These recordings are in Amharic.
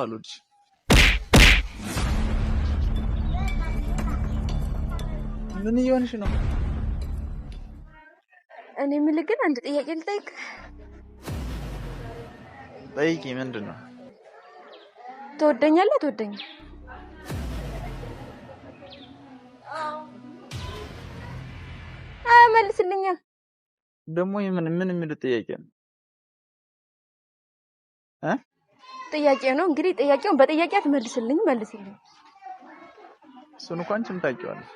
አሉት ምን እየሆንሽ ነው? እኔ የምልህ ግን አንድ ጥያቄ ልጠይቅ። ጠይቂ። ምንድን ነው? ትወደኛለህ? አትወደኝም? መልስልኛ። ደግሞ ምን ምን የሚል ጥያቄ ነው? ጥያቄ ነው እንግዲህ ጥያቄውን በጥያቄ አትመልስልኝ፣ መልስልኝ። እሱን እኮ አንቺም ታውቂዋለሽ።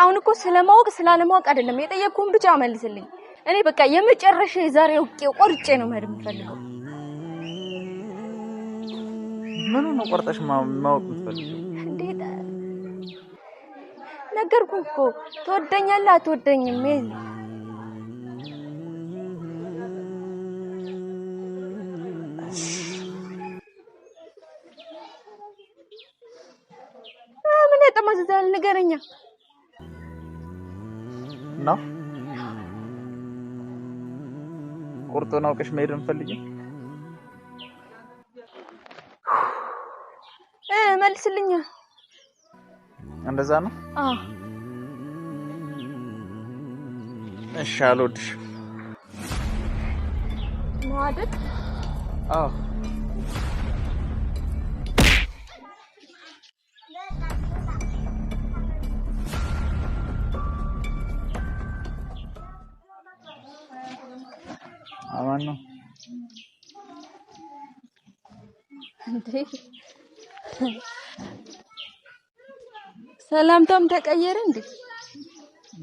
አሁን እኮ ስለማወቅ ስላለማወቅ አይደለም የጠየቅኩህን ብቻ መልስልኝ። እኔ በቃ የመጨረሻ የዛሬ ውቄ ቆርጬ ነው መሄድ የምፈልገው። ምኑ ነው ቆርጠሽ ማወቅ የምትፈልገው? እንዴት ነገርኩህ እኮ ትወደኛለህ አትወደኝም ንገረኛ ነው። ቁርጡን አውቀሽ መሄድ እንፈልግም። መልስልኛ። እንደዛ ነው። እሺ፣ አልወድሽም ማደግ ሰላምታም ተቀየረ እንዴ?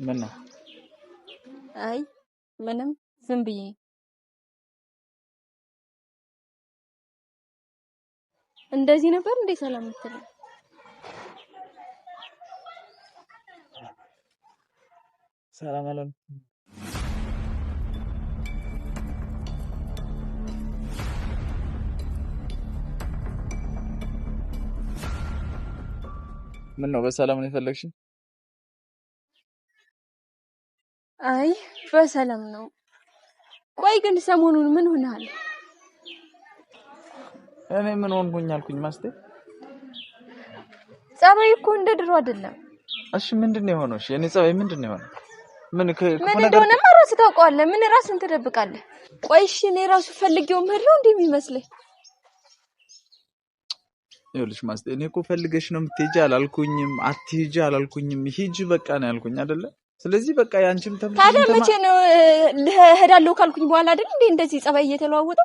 ምን ነው? አይ ምንም ዝም ብዬ እንደዚህ ነበር እንዴ ሰላም የምትለው? ሰላም አለም ምን ነው በሰላም ነው የፈለግሽኝ? አይ በሰላም ነው። ቆይ ግን ሰሞኑን ምን ሆናል? እኔ ምን ሆንኩኝ አልኩኝ? ማስቴ ጸባይ እኮ እንደ ድሮ አይደለም። እሺ ምንድን ነው የሆነው? እሺ የኔ ጸባይ ምንድን ነው የሆነው? ምን ምን እንደሆነማ ራስህ ታውቀዋለህ። ምን ራስህን ትደብቃለህ? ቆይ እሺ እኔ ራሱ ፈልጌው ምህለው እንዴ የሚመስለኝ ይኸውልሽ ማስ እኔ እኮ ፈልገሽ ነው የምትሄጂ አላልኩኝም፣ አትሄጂ አላልኩኝም። ሂጂ በቃ ነው ያልኩኝ አይደለ? ስለዚህ በቃ ያንቺም ተም ታዲያ መቼ ነው እሄዳለሁ ካልኩኝ በኋላ አይደል እንዴ እንደዚህ ጸባይ እየተለዋወጠ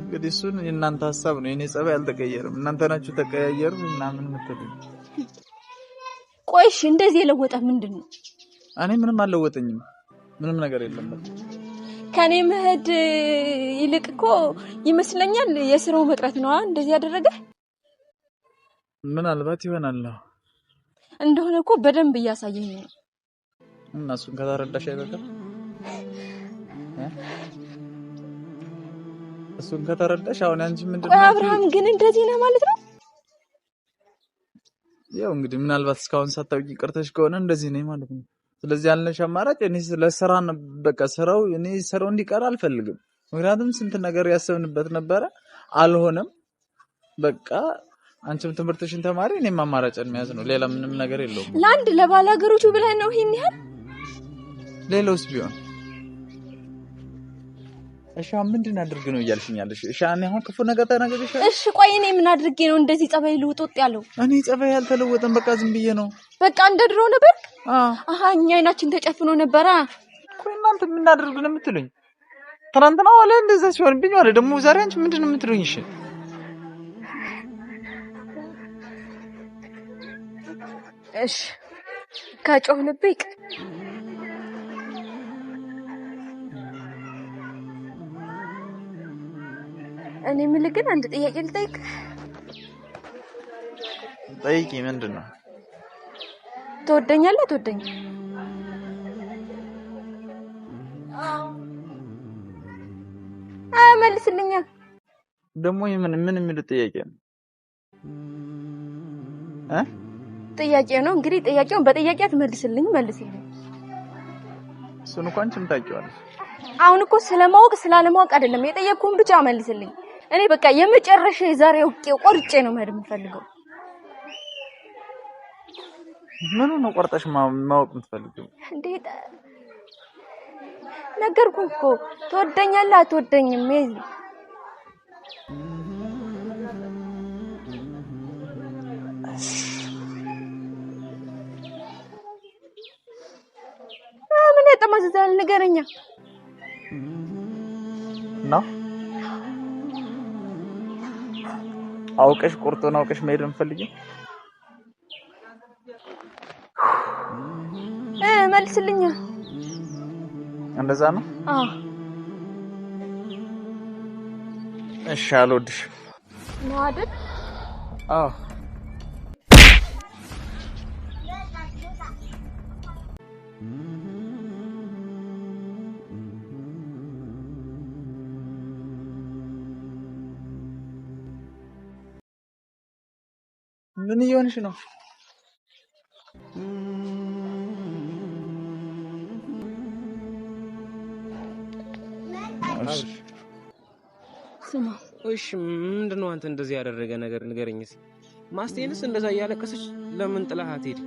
እንግዲህ እሱን የእናንተ ሀሳብ ነው። የኔ ጸባይ አልተቀየርም። እናንተ ናችሁ ተቀያየር ምናምን ምትል። ቆይሽ እንደዚህ የለወጠ ምንድን ነው? እኔ ምንም አልለወጠኝም። ምንም ነገር የለም። ከኔ መሄድ ይልቅ እኮ ይመስለኛል የስራው መቅረት ነዋ እንደዚህ ያደረገ። ምናልባት ይሆናል እንደሆነ እኮ በደንብ እያሳየኝ ነው። እና እሱን ከተረዳሽ አይበቃም? እሱን ከተረዳሽ አሁን አንቺ ምንድን ነው አብርሃም ግን እንደዚህ ነው ማለት ነው። ያው እንግዲህ ምናልባት እስካሁን ሳታውቂ ቀርተሽ ከሆነ እንደዚህ ነኝ ማለት ነው። ስለዚህ ያለሽ አማራጭ እኔ ለስራ በቃ ስራው እኔ ስራው እንዲቀር አልፈልግም። ምክንያቱም ስንት ነገር ያሰብንበት ነበረ፣ አልሆነም። በቃ አንቺም ትምህርትሽን ተማሪ፣ እኔም አማራጭ መያዝ ነው። ሌላ ምንም ነገር የለውም። ለአንድ ለባላገሮቹ ብለህ ነው ይሄን ያህል ሌላውስ ቢሆን እሻ ምንድን አድርግ ነው እያልሽኛለሽ? እሻ እኔ አሁን ክፉ ነገር ተናገርሽ? እሺ ቆይ እኔ ምን አድርጌ ነው እንደዚህ ጸባይ ልውጥጥ ያለው? እኔ ጸባይ ያልተለወጠም በቃ ዝም ብዬ ነው። በቃ እንደ ድሮ ነበር። አሀ እኛ አይናችን ተጨፍኖ ነበረ። ቆይ እናንተ ምን አድርግ ነው የምትሉኝ? ትናንትና ዋለ እንደዛ ሲሆንብኝ ዋለ ደግሞ ዛሬ አንቺ ምንድን ነው የምትሉኝ? እሺ እሺ ከጮህንብህ እኔ የምልህ ግን አንድ ጥያቄ ልጠይቅ። ጠይቂ። ምንድን ነው? ትወደኛለህ? አዎ። መልስልኛ። ደግሞ ምን ምን የሚል ጥያቄ ነው? ጥያቄ ነው እንግዲህ። ጥያቄውን በጥያቄ አትመልስልኝ፣ መልስልኝ። እሱን እኮ አንቺም ታውቂዋለሽ። አሁን እኮ ስለማወቅ ስላለማወቅ አይደለም የጠየቅኩህን ብቻ መልስልኝ። እኔ በቃ የመጨረሻ የዛሬ ውቄ ቆርጬ ነው መሄድ የምፈልገው። ምን ነው ቆርጠሽ ማወቅ የምትፈልገው? እንዴት ነገርኩህ እኮ ትወደኛለህ አትወደኝም። ይሄ ምን ያጠማዘዛል? ንገረኛ ነው አውቀሽ ቁርጡን አውቀሽ መሄድ እንፈልጊ እ መልስልኝ እንደዛ ነው። አዎ እሺ፣ አልወድሽም ነው አይደል? አዎ ምን እየሆንሽ ነው? ስማ፣ እሺ፣ ምንድን ነው አንተ እንደዚህ ያደረገ ነገር ንገረኝስ። ማስቴንስ እንደዛ እያለቀሰች ለምን ጥላሃት ሄድ?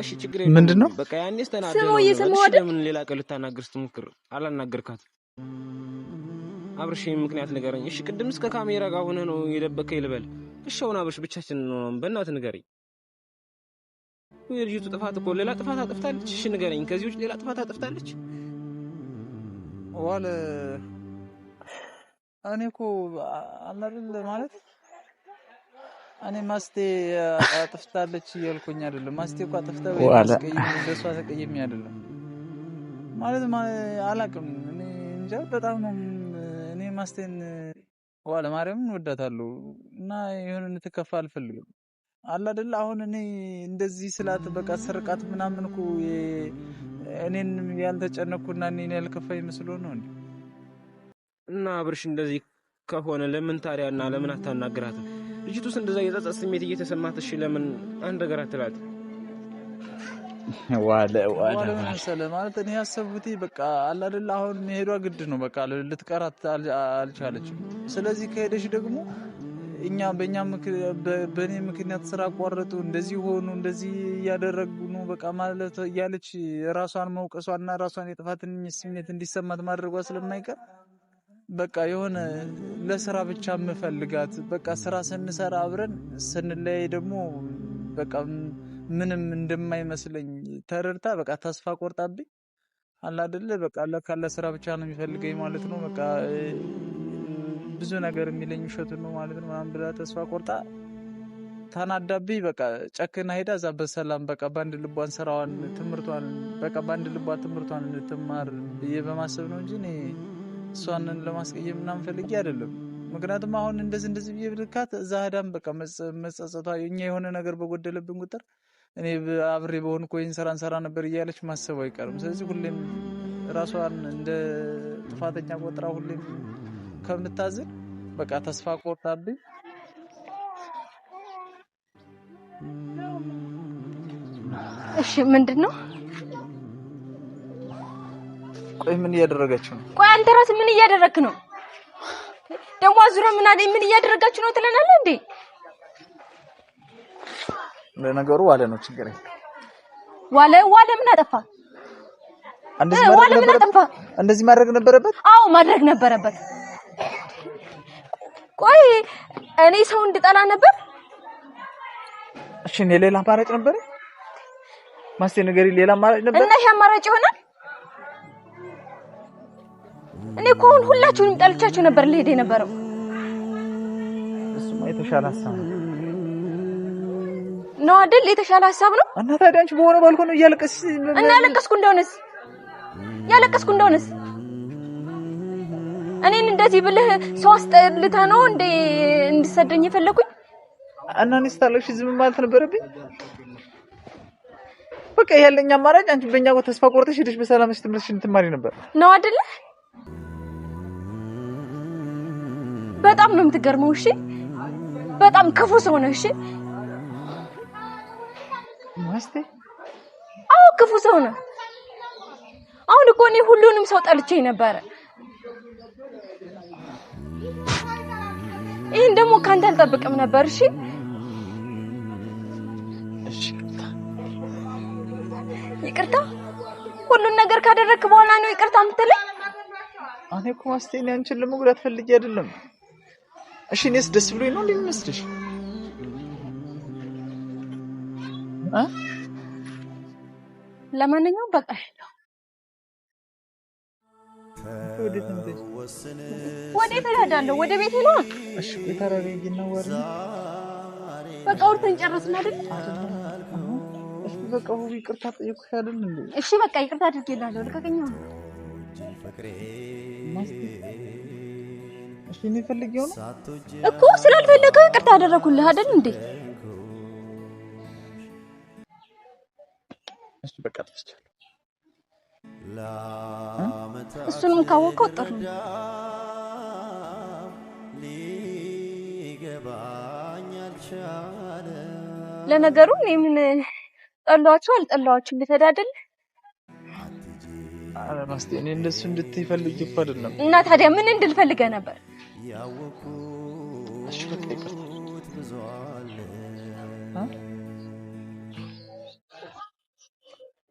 እሺ፣ ችግር የለም ምንድን ነው በቃ ለምን ሌላ ቀን ልታናገር ስትሞክር አላናገርካት? አብርሽ፣ ምክንያት ንገረኝ እሺ። ቅድም እስከ ካሜራ ጋር ሆነ ነው የደበከ ይልበል እሻውን አብርሽ ብቻችን ነው። በእናትህ ንገረኝ። የልጅቱ ጥፋት እኮ ሌላ ጥፋት አጥፍታለች። እሺ ንገረኝ፣ ከዚህ ውጭ ሌላ ጥፋት አጥፍታለች? ዋል እኔ እኮ አላደለ ማለት እኔ ማስቴ አጥፍታለች እያልኩኝ አይደለም። ማስቴ እኮ አጥፍታ ወይስ እንደሷ ተቀየሚ አይደለም ማለት አላቅም። እኔ እንጃ በጣም ነው እኔ ማስቴን ዋለ ማርያምን እወዳታለሁ እና የሆነ እንትከፋ አልፈልግም። አለ አይደል አሁን እኔ እንደዚህ ስላት በቃ ስርቃት ምናምንኩ እኔን ያልተጨነኩና እኔን ያልከፋኝ መስሎ ነው እንዴ? እና አብርሽ እንደዚህ ከሆነ ለምን ታዲያና ለምን አታናግራት? ልጅቱስ እንደዛ የጸጸት ስሜት እየተሰማት እሺ ለምን አንድ ነገር አትላት? ዋለ ዋለዋለመሰለ ማለት እኔ ያሰብኩት በቃ አለ አሁን መሄዷ ግድ ነው። በቃ ልትቀራት አልቻለችም። ስለዚህ ከሄደች ደግሞ እኛ በእኛ በእኔ ምክንያት ስራ አቋረጡ፣ እንደዚህ ሆኑ፣ እንደዚህ እያደረጉ ነው በቃ ማለት እያለች ራሷን መውቀሷና ራሷን የጥፋትን ስሜት እንዲሰማት ማድረጓ ስለማይቀር በቃ የሆነ ለስራ ብቻ የምፈልጋት በቃ ስራ ስንሰራ አብረን ስንለያይ ደግሞ በቃ ምንም እንደማይመስለኝ ተረድታ በቃ ተስፋ ቆርጣብኝ አለ አይደለ በቃ ለካ ስራ ብቻ ነው የሚፈልገኝ ማለት ነው። በቃ ብዙ ነገር የሚለኝ ውሸቱን ነው ማለት ነው ምናምን ብላ ተስፋ ቆርጣ ታናዳብኝ በቃ ጨክና ሄዳ እዛ በሰላም በቃ በአንድ ልቧን ስራዋን ትምህርቷን በቃ በአንድ ልቧ ትምህርቷን እንድትማር ብዬ በማሰብ ነው እንጂ እኔ እሷንን ለማስቀየም ምናምን ፈልጌ አይደለም። ምክንያቱም አሁን እንደዚህ እንደዚህ ብዬ ብልካት እዛ ህዳም በቃ መጸጸቷ እኛ የሆነ ነገር በጎደለብን ቁጥር እኔ አብሬ በሆን ኮይን ስራ እንሰራ ነበር እያለች ማሰቡ አይቀርም። ስለዚህ ሁሌም ራሷን እንደ ጥፋተኛ ቆጥራ ሁሌም ከምታዝን በቃ ተስፋ ቆርጣብኝ እሺ ምንድን ነው? ቆይ ምን እያደረጋችሁ ነው? ቆይ አንተ ራስህ ምን እያደረግክ ነው? ደግሞ አዙረ ምን ምን እያደረጋችሁ ነው ትለናለህ እንዴ? ለነገሩ ዋለ ነው ችግር የለም። ዋለ ዋለ ምን አጠፋ? እንደዚህ ማድረግ ነበረበት። አዎ ማድረግ ነበረበት። ቆይ እኔ ሰው እንድጠላ ነበር። እሺ እኔ ሌላ አማራጭ ነበር ማስቴ ነገር ሌላ አማራጭ ነበር እና ይሄ አማራጭ ይሆናል። እኔ እኮ አሁን ሁላችሁንም ጠልቻችሁ ነበር ልሄድ የነበረው። እሱማ የተሻለ ሀሳብ ነው። ነው አይደል? የተሻለ ሀሳብ ነው። እና ታዲያ አንቺ በሆነ ባልኮ ነው እያለቀስ እና ያለቀስኩ እንደሆነስ ያለቀስኩ እንደሆነስ እኔን እንደዚህ ብለህ ሰው አስጠልታ ነው እንደ እንድሰደኝ የፈለኩኝ? እና እኔ ስታለቅሽ ዝም ማለት ነበረብኝ? በቃ ያለኝ አማራጭ አንቺ በእኛ ጋር ተስፋ ቆርጠሽ ሄደሽ በሰላም ትምህርትሽን እንትማሪ ነበር ነው አይደል? በጣም ነው የምትገርመው። እሺ፣ በጣም ክፉ ሰው ነህ። እሺ ማስተር አዎ፣ ክፉ ሰው ነው። አሁን እኮ እኔ ሁሉንም ሰው ጠልቼ ነበረ። ይህን ደግሞ ከአንተ አልጠብቅም ነበር። እሺ ይቅርታ ሁሉን ነገር ካደረግክ በኋላ ነው ይቅርታ የምትለኝ? እኔ እኮ ማስተኛ አንቺን ለመጉዳት ፈልጌ አይደለም። እሺ እኔስ ደስ ብሎኝ ነው እንዴ ለማንኛውም በቃ ሄደው ወዴት እሄዳለሁ? ወደ ቤት ነው። እሺ የተረጋጊና በቃ ጨረስን አይደል? እሺ በቃ ይቅርታ ጠየቅኩሽ አይደል እንዴ? እሺ በቃ ይቅርታ አድርጌልሃለሁ። ልቀቀኝ። እሺ እኔ ፈልጌው ነው እኮ ስላልፈለገው ይቅርታ አደረኩልህ አይደል እንዴ? እሱ በቃ ጠፍቻለሁ። እሱንም ካወቀው ጥሩ ለነገሩ እኔ ምን ጠሏችሁ አልጠሏችሁ እንደተዳደል አረ ማስቴ እኔ እንደሱ እንድትፈልግ ይፈልግ ነው እና ታዲያ ምን እንድልፈልገ ነበር? እሺ በቃ ይቅርታ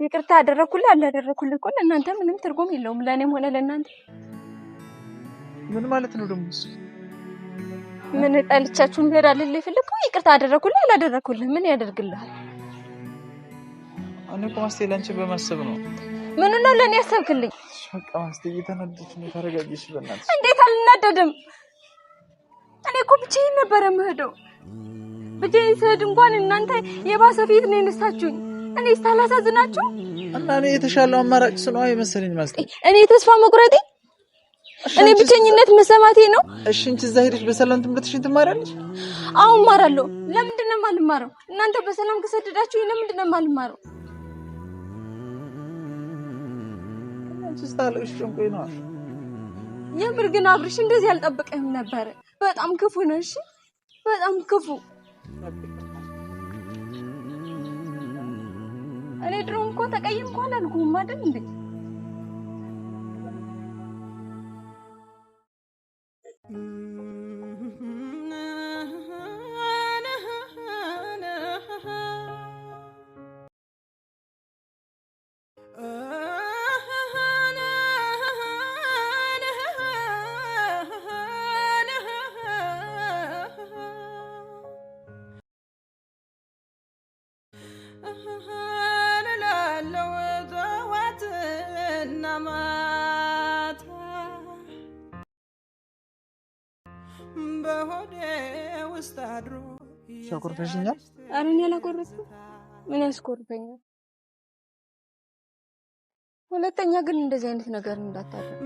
ይቅርታ አደረግኩልህ አላደረኩልህ እኮ ለእናንተ ምንም ትርጉም የለውም፣ ለእኔም ሆነ ለእናንተ። ምን ማለት ነው ደግሞ? ምን ጠልቻችሁ እንሄድ አለል ይፈልግ ይቅርታ አደረግኩልህ አላደረኩልህ ምን ያደርግልሃል? እኔ እኮ ማስቴ ለአንቺ በማሰብ ነው። ምኑ ነው ለእኔ ያሰብክልኝ? በቃ ማስቴ እየተናደድሽ ነው። ተረጋጊሽ በእናትሽ። እንዴት አልናደድም? እኔ እኮ ብቻዬን ነበረ የምሄደው። ብቻዬን ስሄድ እንኳን እናንተ የባሰ ፊት ነው የነሳችሁኝ። እኔ ስታላሳዝናችሁ እና እኔ የተሻለው አማራጭ ስለዋ የመሰለኝ ማለት እኔ የተስፋ መቁረጤ እኔ ብቸኝነት መሰማቴ ነው። እሺ እንቺ እዛ ሄደሽ በሰላም ትምህርትሽን ትማራለሽ? አዎ እማራለሁ። ለምንድን ነው የማልማረው? እናንተ በሰላም ከሰደዳችሁ ለምንድን ነው የማልማረው? የምር ግን አብርሽ እንደዚህ አልጠበቀህም ነበረ። በጣም ክፉ ነው። እሺ በጣም ክፉ እኔ ድሮ እንኳን ተቀይም እንኳን አልኩህም አይደል እንዴ? ያኮርፈሽኛል? ኧረ እኔ አላኮርፍም። ምን ያስኮርፈኛል? ሁለተኛ ግን እንደዚህ አይነት ነገር እንዳታደርግ።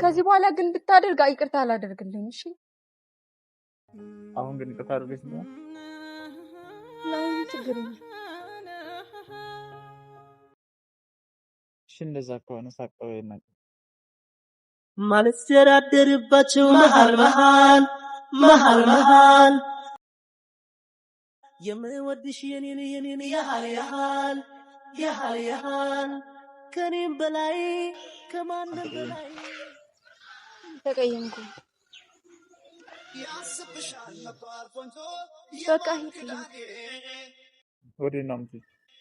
ከዚህ በኋላ ግን ብታደርግ ይቅርታ አላደርግልኝ። እሺ፣ አሁን ግን ይቅርታ አድርገሽ ነው። ችግር እሺ። እንደዛ ከሆነ ሳቀበ ማልተዳደርባቸው መሃል መሃል መሃል መሃል የምወድሽ የኔን የኔን ያህል ያህል ያህል ያህል ከኔም በላይ ከማንም በላይ ተቀየምኩ። በቃ ሂድ ወደ እናምት